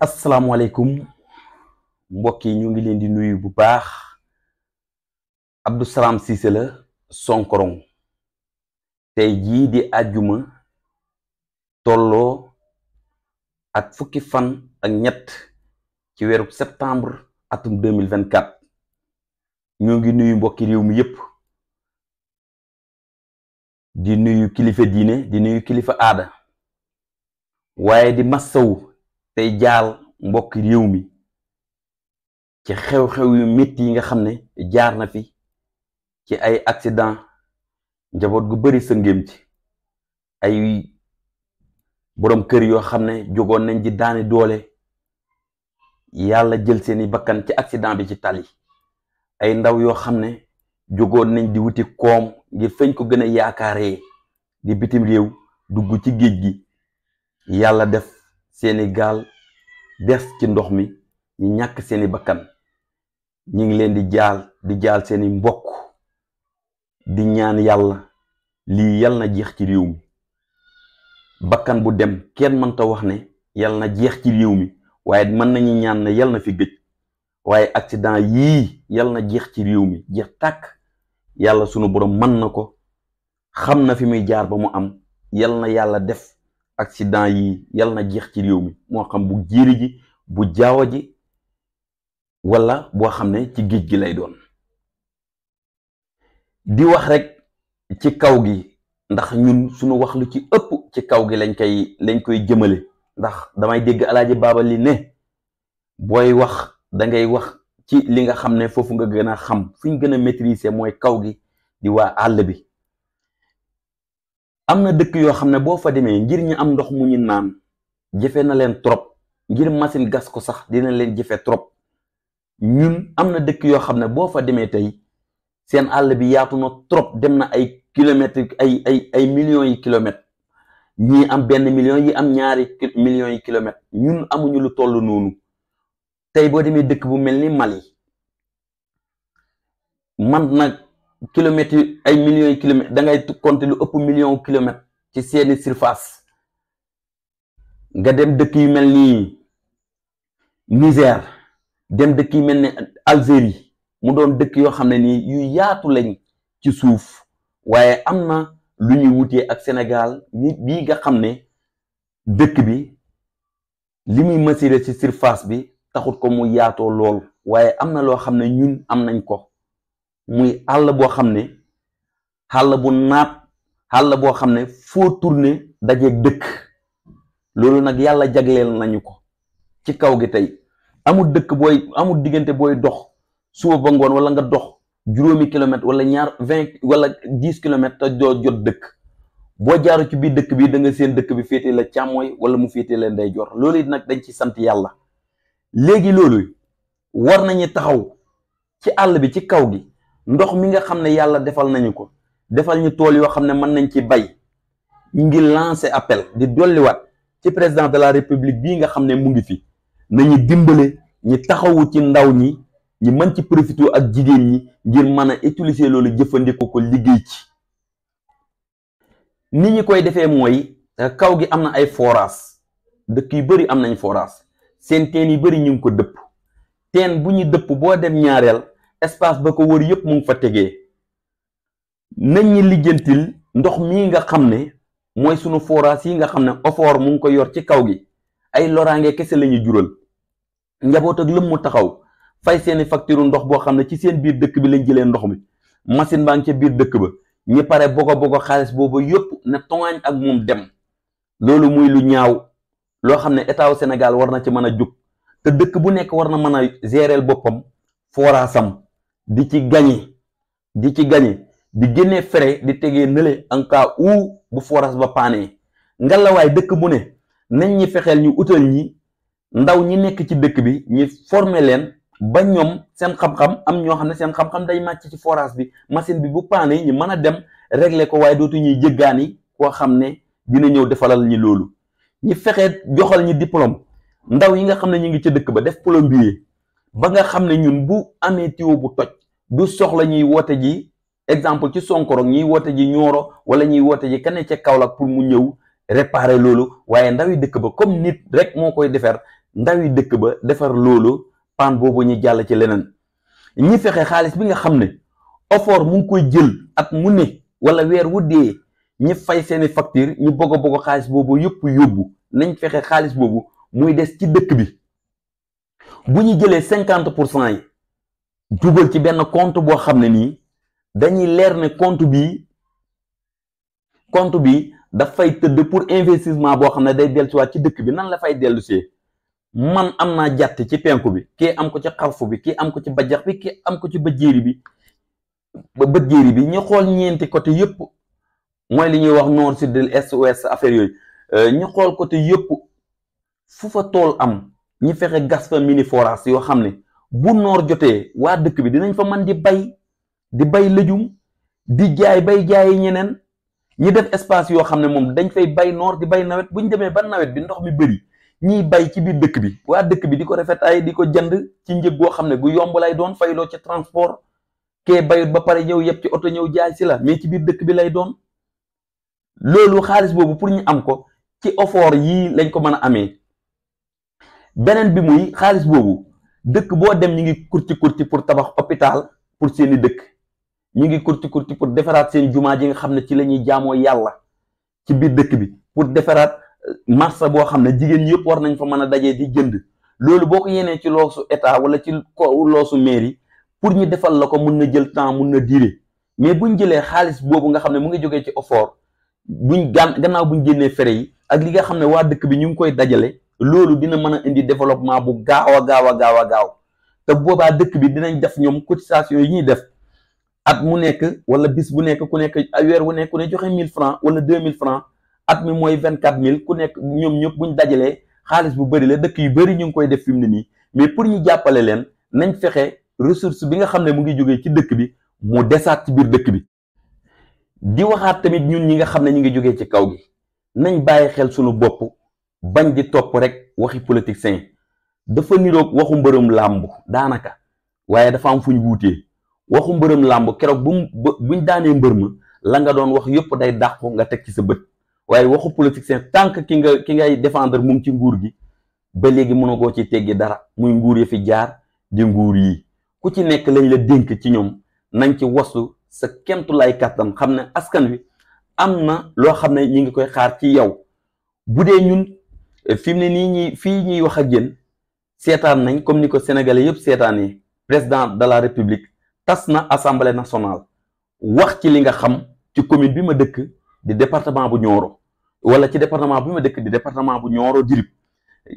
Assalamualaikum. mbokk yi ñu ngi leen di nuyu bu baax Abdou Salam Cissé la Sonkorong tay ji di aljuma tolo ak fukki fan ak ñett ci wéru septembre atum 2024 ñu ngi nuyu mbokk réew mi yépp di nuyu kilifa diine di nuyu kilifa aada waye di massawu tey jaal mbokk réew mi ci xew-xew yu metti yi nga xam ne jaar na fi ci ay accident njaboot gu bari sëngéem ci ay boroom kër yoo xam ne jógoon nañ di daani doole yàlla jël seeni bakkan ci accident bi ci tali ay ndaw yoo xam ne jógoon nañ di wuti koom ngir fañ ko gën yaakaar yaakaaree di bitim réew dugg ci géej gi yàlla def Senegal, gaal ci ndox mi ñi ñak seeni bakkan ñi ngi leen di jaal di jaal seeni mbokk di ñaan yalla li yal na jeex ci réew mi bakkan bu dem kenn ta wax ne yal na jeex ci réew mi waaye nañu ñaan ne yal na fi gëj waye accident yi yal na jeex ci réew mi jeex tak yalla sunu borom man na xamna fi muy jaar ba mu am yal na def accident yi yal na jeex ci réew mi moo xam bu jéeri ji bu jaawa ji wala boo xam ne ci géej gi lay doon di wax rek ci kaw gi ndax ñun sunu wax lu ci ëpp ci kaw gi lañ koy lañ koy jëmale ndax damay dégg alaaji baaba li ne booy wax dangay wax ci li nga xam ne foofu nga gën a xam fi ñu gën a maîtriser mooy kaw gi di waa àll bi am na dëkk yoo xam ne boo fa demee ngir ñu am ndox mu ñu naan jafe na leen trop ngir machine gas ko sax dina leen jafe trop ñun am na dëkk yoo xam ne boo fa demee tey seen àll bi yaatu na trop dem na ay kilomètres ay ay ay millions yi kilomètres ñii am benn million yi am ñaari millions yi kilomètres ñun amuñu lu toll noonu tey boo demee dëkk bu mel ni Mali man nag kilomètres ay millions yu kilomètres da ngay compter lu ëpp million kilomètres ci seeni surface nga dem dëkk yu mel ni Niger dem dëkk yu mel ni Algérie mu doon dëkk yoo xam ne nii yu yaatu lañ ci suuf waaye am na lu ñuy wutee ak senegal nit bii nga xam ne dëkk bi li muy mesurer ci surface bi taxut ko mu yaatoo lool waaye am na loo xam ne ñun am nañ ko muy àll boo xam ne àll bu naat àll boo xam ne foo tourné daje dëkk loolu nag yàlla jagleel nañu ko ci kaw gi tey amul dëkk booy amul diggante booy dox suba ba ngoon wala nga dox juróomi kilomètre wala ñaar vingt wala dix kilomètres te doo jot dëkk boo jaaru ci biir dëkk bi da nga seen dëkk bi féete la càmmooy wala mu féete la ndeyjoor loolu it nag dañ ci sant yàlla léegi loolu war nañu taxaw ci àll bi ci kaw gi ndox mi nga xam ne yàlla defal nañu ko defal ñu tool yoo xam ne mën nañ ci bay ñu ngi lancer appel di dolliwaat ci président de la république bii nga xam ne mu ngi fi nañu dimbale ñi taxawu ci ndaw ñi ñi mën ci profité ak jigéen ñi ngir mën a utiliser loolu jëfandikoo ko liggéey ci ni ñi koy defee mooy eh, kaw gi am na ay forage dëkk yu bëri am nañ forage seen teen yu bëri ñu ngi ko dëpp teen bu ñu dëpp boo dem ñaareel espace ba ko wër yëpp mu ngi fa tegee nañ ñi lijjantil ndox mii nga xam ne mooy sunu forage yi nga xam ne ofoor mu ngi ko yor ci kaw gi ay loraange kese la jural njaboot ak lëm mu taxaw fay seeni facture ndox boo xam ne ci seen biir dëkk bi lañ jëlee ndox mi machine baa ngi ca biir dëkk ba ñi pare bogo bogo xaalis boobu yëpp na toŋaañ ak moom dem loolu muy lu ñaaw loo xam ne état wu Sénégal war na ci mën a jóg dëkk bu nekk war na mën a gérer boppam foraasam di ci gagné di ci gagné di génne fere di tegee nële en cas où bu forage ba paane paanee ngalawaay dëkk bu ne nañ ñi fexeel ñu utal ñi ndaw ñi nekk ci dëkk bi ñi former leen ba ñoom seen xam-xam am ñoo xam ne seen xam-xam day màcc ci forage bi machine bi bu paanee ñu mën a dem régler ko waaye dootu ñuy jëggaani koo xam ne dina ñëw defalal ñi loolu ñi fexee joxal ñi diplôme ndaw yi nga xam ne ñu ngi ca dëkk ba def plombier ba nga xam ne ñun bu amee tuyau bu toj du soxla ñuy woote ji exemple ci Sonkoro ñuy woote ji ñooro wala ñuy woote ji kenn ca Kaolack pour mu ñëw réparer loolu waaye ndawi dëkk ba comme nit rek moo koy defar ndawi dëkk ba defar loolu pan boobu ñu jàll ci leneen ñi fexe xaalis bi nga xam ne effort mu ngi koy jël ak mu ne wala weer wu dee ñi fay seeni facture ñu bëgg a xaalis boobu yëpp yóbbu nañ fexe xaalis boobu muy des ci dëkk bi bu ñu jëlee cinquante pour cent yi dugal ci benn compte boo xam ne nii dañuy leer ne compte bi compte bi dafay tëdd pour investissement boo xam ne day dellusiwaat ci dëkk bi nan la fay dellusee man am naa jàtt ci penku bi kii am ko ci xarfu bi kii am ko ci bajax bi kii am ko ci bëjjéeri bi bëjjéeri bi ñu xool ñeenti côté yëpp mooy li ñuy wax nord sud est ouest affaire yooyu euh, ñu xool côté yëpp fu fa tool am ñi fexe gas fa mini forage yoo xam ne bu noor jotee waa dëkk bi dinañ fa man di bay di bay lëjum di jaay bay jaayi ñeneen ñi def espace yoo xam ne moom dañ fay bay noor di bay nawet bu ñu demee ba nawet bi ndox mi bëri ñiy bay ci biir dëkk bi waa dëkk bi di ko ay di ko jënd ci njëg goo xam ne gu yomb lay doon fayloo ci transport kee bayut ba pare ñëw yëpp ci oto ñëw jaay si la mais ci biir dëkk bi lay doon loolu xaalis boobu pour ñu am ko ci ofoor yii lañ ko mën a amee beneen bi muy xaalis boobu dëkk boo dem ñu ngi kurti kurti pour tabax hôpital pour seeni dëkk ñu ngi kurti kurti pour defaraat seen jumaa ji nga xam ne ci la ñuy jaamoo yàlla ci biir dëkk bi pour defaraat euh, marché boo xam ne jigéen ñi yëpp war nañ fa mën a dajee di jënd loolu boo ko yenee ci loosu état wala ci ko loosu mairie pour ñu defal la ko mun na jël temps mun na diire mais buñ jëlee xaalis boobu nga xam ne mu ngi jogee ci effort buñ gan gannaaw buñ génnee fere yi ak li nga xam ne waa dëkk bi ñu ngi koy dajale loolu dina mën a indi développement bu gaaw a gaaw a gaaw a gaaw te boobaa dëkk bi dinañ def ñoom cotisation yi ñuy def at mu nekk wala bis bu nekk ku nekk weer wu nekk ku ne joxe mille francs wala deux mille francs at mi mooy vingt quatre mille ku nekk ñoom ñëpp buñ dajalee xaalis bu bari la dëkk yu bëri ñu ngi koy def fi mu ne nii mais pour ñu jàppale leen nañ fexe ressource bi nga xam ne mu ngi jógee ci dëkk bi mu desaat ci biir dëkk bi di waxaat tamit ñun ñi nga xam ne ñu ngi jógee ci kaw gi nañ bàyyi xel sunu bopp bañ di topp rek waxi politicien dafa niroog waxu mbërëm làmb daanaka waaye dafa am fuñ ñu waxu mbërëm làmb keroog bu buñ daanee mbër ma la nga doon wax yëpp day dàqu nga teg ci sa bët waaye waxu politicien tant tànk ki nga ki ngay défendre mu ci nguur gi ba léegi mënagoo ci teggi dara muy nguur yi fi jaar di nguur yi ku ci nekk lañ la dénk ci ñoom nañ ci wasu sa kemtu lay kàttan xam ne askan wi am na loo xam ne ñi ngi koy xaar ci yow bu fi mu ne nii ñi fii ñuy wax ak yéen seetaan nañ comme ni ko sénégalais yëpp seetaanee président de la république tas na assemblée nationale wax ci li nga xam ci commune bi ma dëkk di département bu Nioro wala ci département bi ma dëkk di département bu ñooro Dirib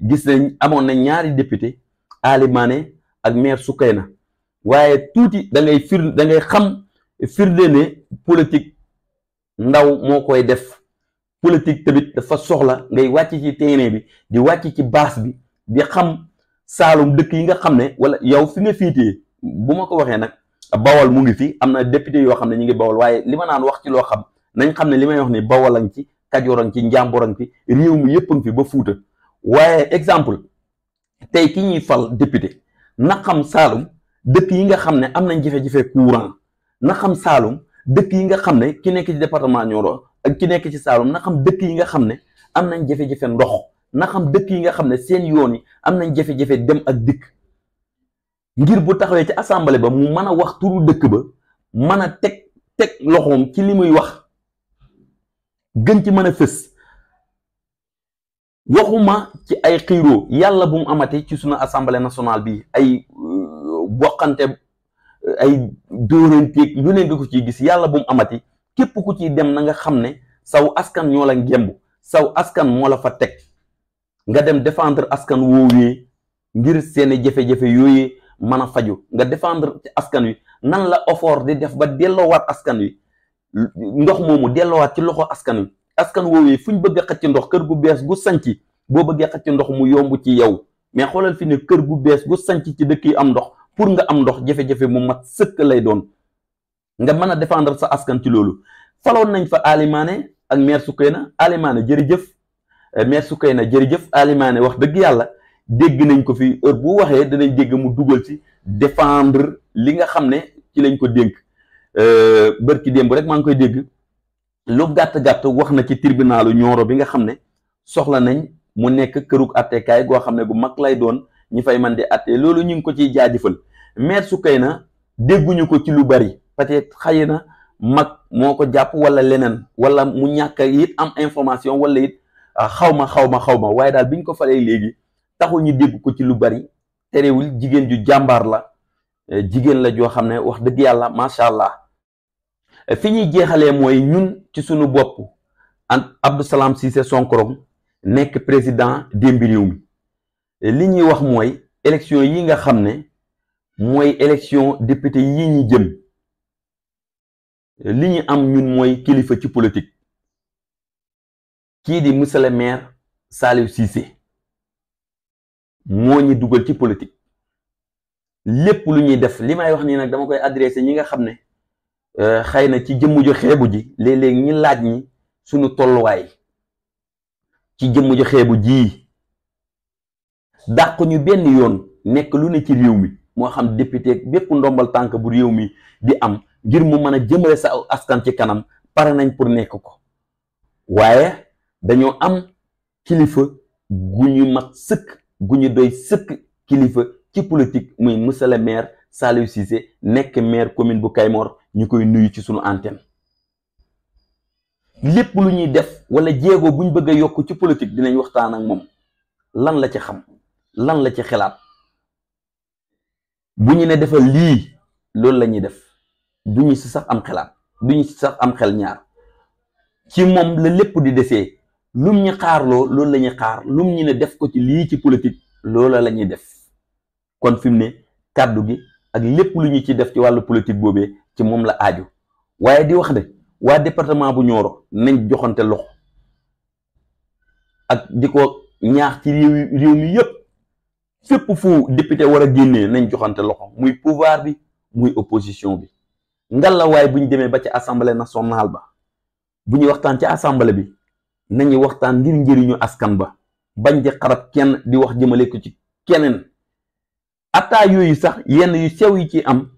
gis nañ amoon na ñaari député Ali Mané ak maire Soukeyna waaye tuuti da ngay fir da xam firnde ne politique ndaw moo koy def politique tamit dafa soxla ngay wàcc ci terrain bi di wàcc ci base bi di xam saalum dëkk yi nga xam ne wala yow fi nga fiitee bu ma ko waxee nag bawal mu ngi fi am na député yoo xam ne ñu ngi bawal waaye li ma naan wax ci loo xam nañ xam ne li may wax ni bawalang ci kajoorang ci njàmborang ci réew mi yëpp a ngi fi ba fuuta waaye exemple tey ki ñuy fal député na xam saalum dëkk yi nga xam ne am nañ jafe-jafe courant na xam saalum dëkk yi nga xam ne ki nekk ci département Nioro ak ki nekk ci Saalum na xam dëkk yi nga xam ne am nañ jafe-jafe ndox na xam dëkk yi nga xam ne seen yoon yi am nañ jafe-jafe dem ak dikk ngir bu taxawee ci assemblée ba mu mën a wax turu dëkk ba mën a teg teg loxoom ci li muy wax gën ci mën a fës waxuma ci ay xiiroo yàlla bu mu amate ci sunu assemblée nationale bi ay euh, boqante ay dóoranteeg yu ne nga ko ciy gis yàlla bu amati képp ku ci dem na nga xam ne saw askan ñoo la ngemb saw askan moo la fa teg nga dem defendre askan woowee ngir seeni jafe-jafe yooyu mën a faju nga defendre ci askan wi nan la effort di def ba delloowaat askan wi ndox moomu delloowaat ci loxo askan wi askan woowee fu ñu bëgg a xëcc ndox kër gu bees gu sanc boo bëggee xëcc ndox mu yomb ci yow mais xoolal fi ne kër gu bees gu sanc ci dëkk yi am ndox pour nga am ndox jafe-jafe mu mat sëkk lay doon nga mën a défendre sa askan ci loolu faloon nañ fa Alimane ak maire Soukeyna Alimane jërëjëf eh, maire na jërëjëf Alimane wax dëgg yàlla dégg nañ ko fi heure bu waxee danañ dégg mu dugal ci défendre li nga xam ne ci lañ ko dénk eh, ki démb rek maa ngi koy dégg lu gàtt-gàtt wax na ci tribunalu Nioro bi nga xam ne soxla nañ mu nekk kërug attekaay goo xam ne bu mag lay doon ñi fay man di attee loolu ñu ngi ko ciy jaajëfal maire Soukeyna dégguñu ko ci lu bari peut-être xëy na mag moo ko jàpp wala leneen wala mu ñàkk it am information wala it ah, xaw ma xaw ma xaw ma waaye daal biñ ñu ko falee léegi taxul ñu dégg ko ci lu bari terewul jigéen ju jàmbaar la eh, jigéen la joo xam ne wax dëgg yàlla macha allah eh, fi ñuy jeexalee mooy ñun ci suñu bopp an si Salam Cissé Sonkorom nekk président démb mi eh, li ñuy wax mooy élection yi nga xam ne mooy élection député yi ñu jëm li ñu am ñun mooy kilifa ci politique kii di monsieur le maire Saliou Cissé moo ñu dugal ci politik lépp lu ñuy def li may wax nii nag dama koy adressé ñi nga xam ne euh, xëy na ci jëmm ju xeebu ji léeg-léeg ñi laaj ñi suñu tolluwaay ci jëmm ju xeebu ji dàq ñu benn yoon nekk lu ne ci réew mi moo xam député bépp ndombal tànk bu réew mi di am ngir mu mën a jëmale sa askan ci kanam pare nañ pour nekk ko waaye dañoo am kilifa gu ñu mat sëkk gu ñu doy sëkk kilifa ci politique muy monsieur maire Saliou Cissé nekk maire commune bu Kaymoor ñu koy nuyu ci sunu antenne lépp lu ñuy def wala jéego buñ bëgg a yokk ci politique dinañ waxtaan ak moom lan la ci xam lan la ci xalaat bu ñu ne defal lii loolu lañuy def du ñu si sax am xelaat du ñu sax am xel ñaar ci moom la lépp di defee lum ñu xaarloo loolu la ñuy xaar lum ñu ne def ko ci lii ci politique loola lañuy ñuy def kon fi mu ne kàddu gi ak lépp lu ñu ci def ci wàllu politique boobee ci moom la aaju waaye di wax ne waa département bu Nioro nañ joxante loxo ak di ko ñaax ci réew réew mi yëpp fépp fu député war a génnee nañ joxante loxo muy pouvoir bi muy opposition bi ngal ngallaawaay bu ñu demee ba ci assemblée nationale ba bu ñuy waxtaan ci assemblée bi na nañu waxtaan ngir njëriñu askan ba bañ di xarab kenn di wax jëmale ko ci keneen ataa yooyu sax yenn yu sew yi ci am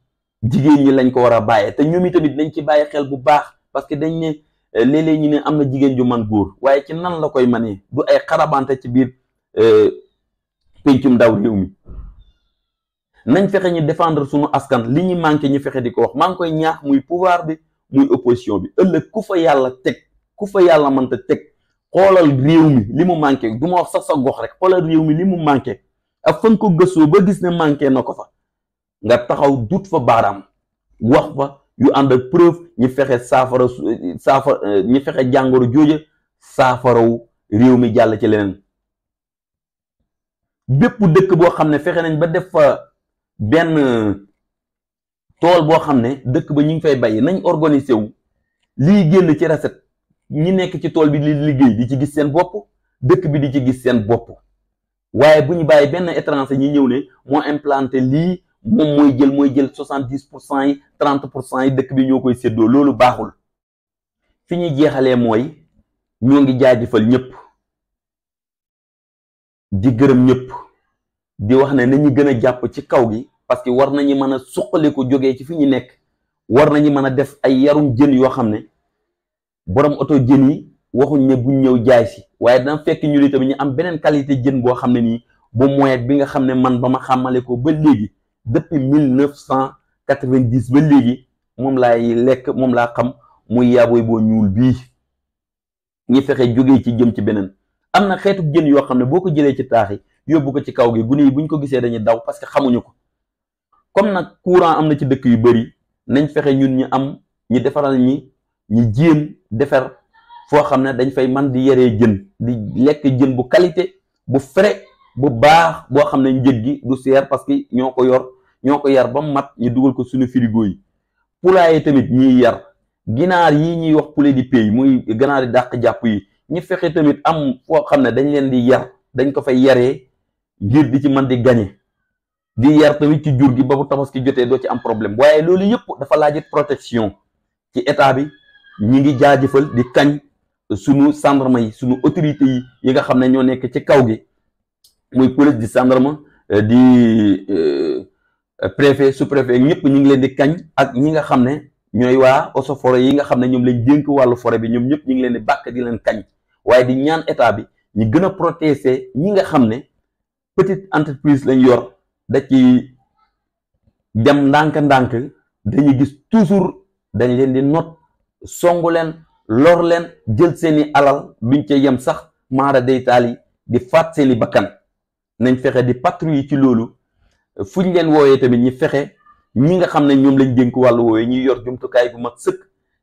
jigéen ñi lañ ko war a bàyyee te ñoom itamit nañ ci bàyyi xel bu baax parce que dañ ne euh, léeg ñu ne am na jigéen ju man góor waaye ci nan la koy manee du ay xarabante ci biir euh, péncum ndaw réew mi nañ fexe ñu défendre suñu askan li ñu manqué ñu fexe di ko wax maa ngi koy ñaax muy pouvoir bi muy opposition bi ëllëg ku fa yàlla teg ku fa yàlla mënta teg xoolal réew mi li mu manqué du wax sax sa gox rek xoolal réew mi li mu manqué ak fan ko gëstoo ba gis ne manqué na ko fa nga taxaw dut fa baaraam wax fa yu ànd ak preuve ñu fexe saafara saafa ñu fexe jàngoro jooja saafarawu réew mi jàll ci leneen bépp dëkk boo xam ne fexe nañ ba def fa benn tool boo xam ne dëkk ba ñu ngi fay bay nañ organiser wu lii génn ci recette ñi nekk ci tool bi di liggéey di ci gis seen bopp dëkk bi di ci gis seen bopp waaye bu ñu bàyyi benn étranger ñi ñëw ne moo implanté lii moom mooy jël mooy jël soixante dix pour cent yi trente pour cent yi dëkk bi ñoo koy séddoo loolu baaxul fi ñu jeexalee mooy ñoo ngi jaajëfal ñëpp di gërëm ñëpp. di wax ne nañu gën a jàpp ci kaw gi parce que war nañu mën a suqaliku jógee ci fi ñu nekk war nañu mën a def ay yarum jën yoo xam ne borom oto jën yi waxuñ ne ñëw jaay si waaye dana fekk ñu li ñu am beneen qualité jën boo xam ne nii bu moyet bi nga xam ne man ba ma xàmmale ko ba léegi depuis mille neuf cent quatre-vingt-dix ba léegi moom laay lekk moom laa xam muy yaaboy boo ñuul bii ñi fexe jógee ci jëm ci beneen am na xeetu jën yoo xam ne boo ko jëlee ci taax yi yóbbu ko ci kaw gi gune yi buñ ko gisee dañuy daw parce que xamuñu ko comme nag courant am na ci dëkk yu bëri nañ fexe ñun ñu am ñi defaral ñi ñi jéem defar foo xam ne dañ fay man di yaree jën di lekk jën bu qualité bu frais bu baax boo xam ne njëg gi du seer parce que ñoo ko yor ñoo ko yar ba mat ñu dugal ko suñu frigo yi poulailler tamit ñiy yar ginaar yi ñuy wax poulet di pays muy ganaar yi dàq jàpp yi ñu fexe tamit am foo xam ne dañ leen di yar dañ ko fay yaree ngir di ci man di gagner di yar tamit ci jur gi ba bu tabaski jotee ci am problème waye loolu yëpp dafa laajit protection ci état bi ñi ngi jaajëfal di kañ sunu gendarme yi sunu autorités yi yi nga xam ño nek ci kaw gi muy police di gendarme euh, di euh, préfet sous préfet ñëpp ñi ngi leen di kañ ak ñi nga xam ne wa waa yi nga xam ñom ñoom lañ dénk wàllu forêt bi ñom ñëpp ñi ngi leen di bak di leen kañ waye di ñaan état bi ñi gën a protéger ñi nga xam petite entreprise lañ yor da ci dem ndànk-ndànk dañuy gis toujours dañ leen di not songu leen lor leen jël seeni alal biñ ca yem sax maara day taal yi di faat seeni bakkan nañ fexe di patrouille ci loolu fuñ leen woowee tamit ñi fexe ñi nga xam ne ñoom lañ dénk wàll woowee ñuy yor jumtukaay bu mat sëkk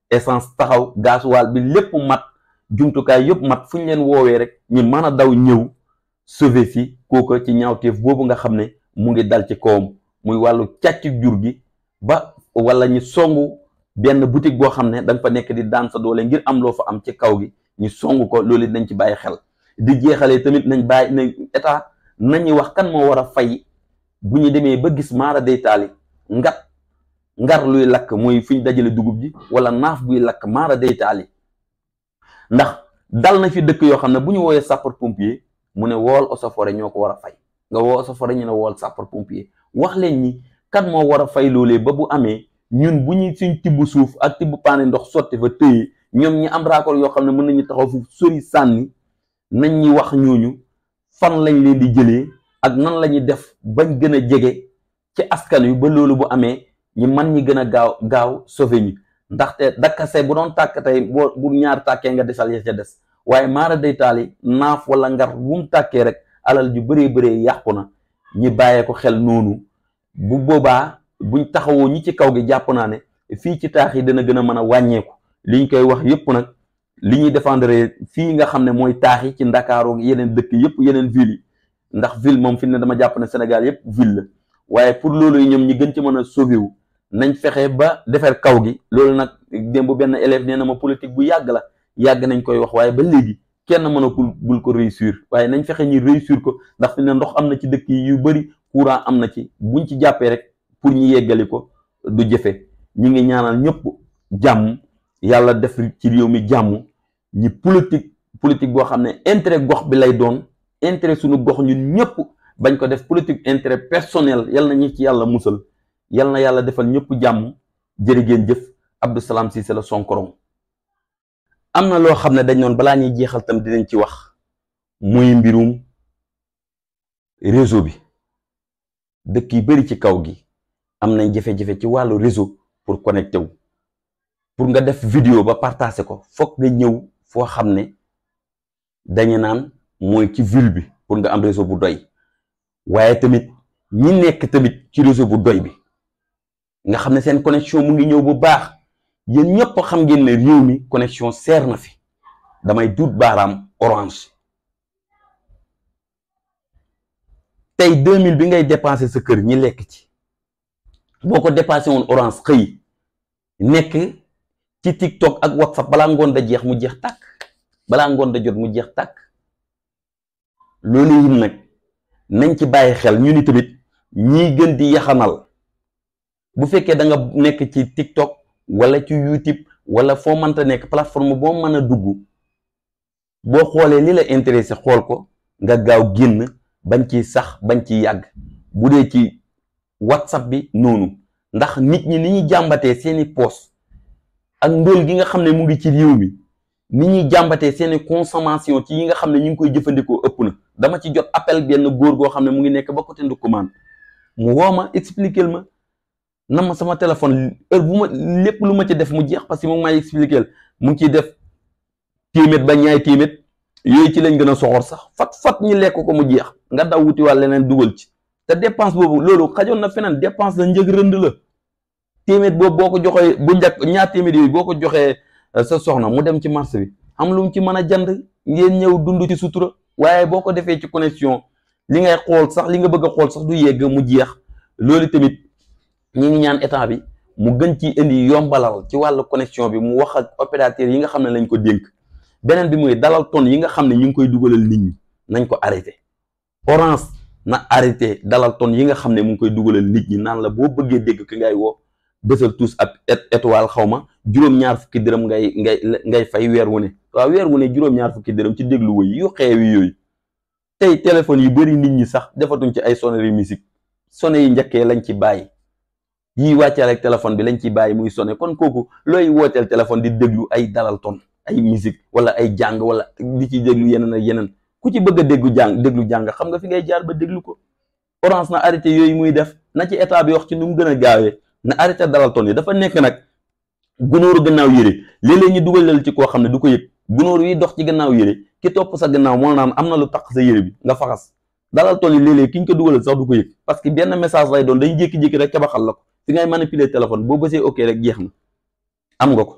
essence taxaw gasoil bi lépp mat jumtukaay yëpp mat fuñ leen woowee rek ñu mën a daw ñëw sauvé fi kooka ci ñaawteef boobu nga xam ne mu ngi dal ci kawam muy wàllu càcc jur gi ba wala ñu songu benn boutique boo xam ne da fa nekk di daan doole ngir am loo fa am ci kaw gi ñu songu ko loolu dañ ci bàyyi xel di jeexalee tamit nañ bàyyi nañ état nañuy wax kan moo war a fay bu ñu demee ba gis maara day taali ngat ngar luy lakk muy fi ñu dajale dugub ji wala naaf buy lakk maara day taali ndax dal na fi dëkk yoo xam ne bu ñu woowee sapeur pompier mu ne wool Eaux et ñoo ko war a fay nga woo Eaux et ne wool sapeur pompier wax leen ñi kat moo war a fay loolee ba bu amee ñun bu ñuy suñ tibb suuf ak tibb paane ndox sotti fa tëye ñoom ñi am racole yoo xam ne mën nañu taxaw foofu sori sànni nañ ñi wax ñuuñu fan lañ leen di jëlee ak nan la ñuy def bañ gën a jege ci askan wi ba loolu bu amee ñi man ñi gën a gaaw gaaw sauver ndaxte ndaxte dakkase bu doon tàkk tey boo bu ñaari tàkkee nga desal ya ca des waaye maara day taali naaf wala ngar bu tàkkee rek alal yu baree bëree yàqu na ñi bàyyee ko xel noonu bu boobaa buñ taxawoo ñi ci kaw gi jàpp naa ne fii ci taax yi dana gën a mën a wàññeeku liñ koy wax yépp nag li ñuy défendre fii nga xam ne mooy taax yi ci ndakaaru yeneen dëkk yépp yeneen ville yi ndax ville moom fi ne dama jàpp na Sénégal yépp ville la waaye pour loolu ñoom ñi gën ci mën a sauver nañ fexe ba defar kaw gi loolu nag démb benn élève na ma politique bu yàgg la yag nañ koy wax waye ba léegi kenn mën a kul ko réussir waye nañ fexé ñi réussir ko ndax fi ne ndox amna ci dëkk yu bari courant amna ci buñ ci jappé rek pour ñi yeggali ko du jëfé ñi ngi ñaanal ñëpp jamm yalla def ci réew mi jamm ñi politique politique bo xamné intérêt gox bi lay doon intérêt suñu gox ñun ñëpp bañ ko def politique intérêt personnel yalla ci yalla musal yalla na defal ñëpp jamm jërëgen jëf Abdou Salam Cissé la Sonkorong am na loo xam ne dañ noon balaa ñuy jeexal tam dinañ ci wax muy mbirum réseau bi dëkk yi bëri ci kaw gi am nañ jafe-jafe ci wàllu réseau pour connecté pour nga def vidéo ba partagé ko foog nga ñëw foo xam ne dañu naan mooy ci ville bi pour nga am réseau bu doy waaye tamit ñi nekk tamit ci réseau bu doy bi nga xam ne seen connection mu ngi ñëw bu baax yéen ñepp xam ngeen ne rew mi connexion ser na fi damay duut baram orange Tay 2000 bi ngay dépenser sa kër ñi lek ci boko ko won orange xey nek ci tiktok ak whatsapp bala ngon da jeex mu jeex tak, bala ngon da jot mu jeex tak loluy nak nañ ci baye xel ñu ni tamit gën di yaxanal bu fekke da nga nek ci tiktok wala ci YouTube wala foo mënta nekk plateforme boo mën a dugg boo xoolee li la intéressé xool ko nga gaaw génn bañ ci sax bañ ci yàgg bu dee ci WhatsApp bi noonu ndax nit ñi ni ñuy jàmbatee seeni poos ak ndóol gi nga xam ne mu ngi ci réew bi ni ñuy jàmbatee seeni consommation ci yi nga xam ne ñu ngi koy jëfandikoo ëpp na dama ci jot appel benn góor goo xam ne mu ngi nekk ba côté Ndoukoumane mu woo ma expliquer ma na ma sama téléphone heure bu ma lépp lu ma ci def mu jeex parce que moom may expliquer mu ngi ciy def téeméer ba ñaay téeméer yooyu ci lañ gën a soxor sax fat fat ñi lekk ko mu jeex nga daw wuti wàll leneen dugal ci te dépense boobu loolu xajoon na feneen dépense la njëg rënd la téeméer boobu boo ko joxee bu njëkk ñaar téeméer yooyu boo ko joxee euh, sa soxna mu dem ci marché bi am lu mu ci mën a jënd ngeen ñëw dund ci sutura waaye boo ko defee ci connexion li ngay xool sax li nga bëgg xool sax du yegg mu jeex loolu tamit. ñi ngi ñaan état bi mu gën ci indi yombalal ci wàllu connexion bi mu wax ak opérateur yi nga xam ne lañ ko dénk beneen bi mooy dalal yi nga xam ne ñu ngi koy dugalal nit ñi nañ ko arrêté orange na arrêté dalal yi nga xam ne mu ngi koy dugalal nit ñi naan la boo bëggee dégg ki ngay woo desal tous ab étoile xawma ma juróom-ñaar fukki dërëm ngay ngay ngay fay weer wu ne waaw weer wu ne juróom-ñaar fukki dërëm ci déglu woy yu xeewi yooyu tey téléphone yu bari nit ñi sax defatuñ ci ay sonnerie musique sonné yi njëkkee lañ ci bàyyi ñiy wàccee rek téléphone bi lañ ciy bàyyi muy sone kon kooku looy wooteel téléphone di déglu ay dalal ton ay musique wala ay jàng wala di ci déglu yeneen ak yeneen ku ci bëgg a déglu jàng jàng xam nga fi ngay jaar ba déglu ko orange na arrêté yooyu muy def na ci état bi wax ci nu mu gën a gaawee na arrêté dalal ton yi dafa nekk nag gunóoru gannaaw yére léeg-léeg ñu dugalal ci koo xam ne du ko yëg gunóor yi dox ci gannaaw yére ki topp sa gannaaw moo am na lu taq sa yére bi nga faxas dalal ton yi léeg-léeg ki ñu ko dugalal sax du ko yëg parce que rek cabaxal la ko si ngay manipuler téléphone boo bësee ok rek jeex na am nga ko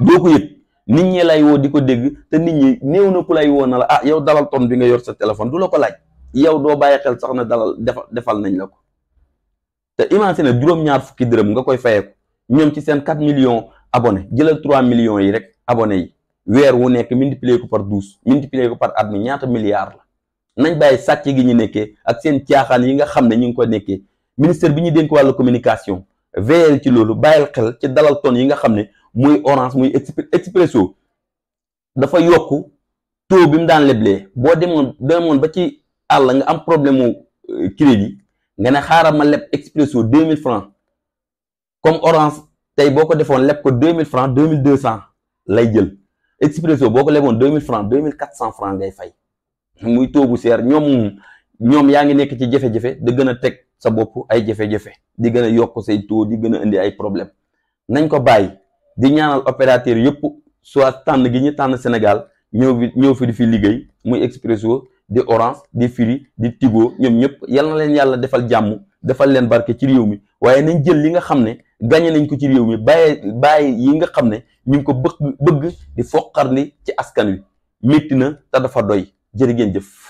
doo ko yëg nit ñi lay woo di ko dégg te nit ñi néew na ku lay woo na la ah yow dalal ton bi nga yor sa téléphone du la ko laaj yow doo bàyyi xel sax na dalal defal nañ la ko te na juróom-ñaar fukki dërëm nga koy fayeeku ñoom ci seen 4 million abonnés jëlal 3 millions yi rek abonnés yi weer wu nekk multiplier ko par 12 multiplier ko par at ñaata milliards la nañ bàyyi sàcc gi ñu nekkee ak seen caaxaan yi nga xam ne ñu ngi ko nekkee ministère bi ñuy dénk wàllu communication veel ci lolu bayal xel ci dalal ton yi nga xamne muy orange muy expresso dafa yokku taux bi mu daan leblee bo demoon demoon ba ci àll nga am problème euh, crédit nga ne xaaral ma leb expresso 2000 francs comme orange tay boko defone defoon leb ko 2000 francs 2200 lay jël expresso boko lebon 2000 francs 2400 francs ngay fay muy taux bu seer ñom ñoom yaa ngi ci jafe-jafe de gëna tek sa bopp ay jafe-jafe di gën a yokk say taux di gën a indi ay problème nañ ko bàyyi di ñaanal opérateur yëpp soit tànn gi ñu tànn Sénégal ñëw fi ñëw fi di fi liggéey muy Expresso di Orange di Free di Tigo ñoom ñëpp yal na leen yàlla defal jàmm defal leen barke ci réew mi waaye nañ jël li nga xam ne gagné nañ ko ci réew mi bàyyi bàyyi yi nga xam ne ñu ngi ko bëgg bëgg di ni ci askan wi métti na te dafa doy jërë jëf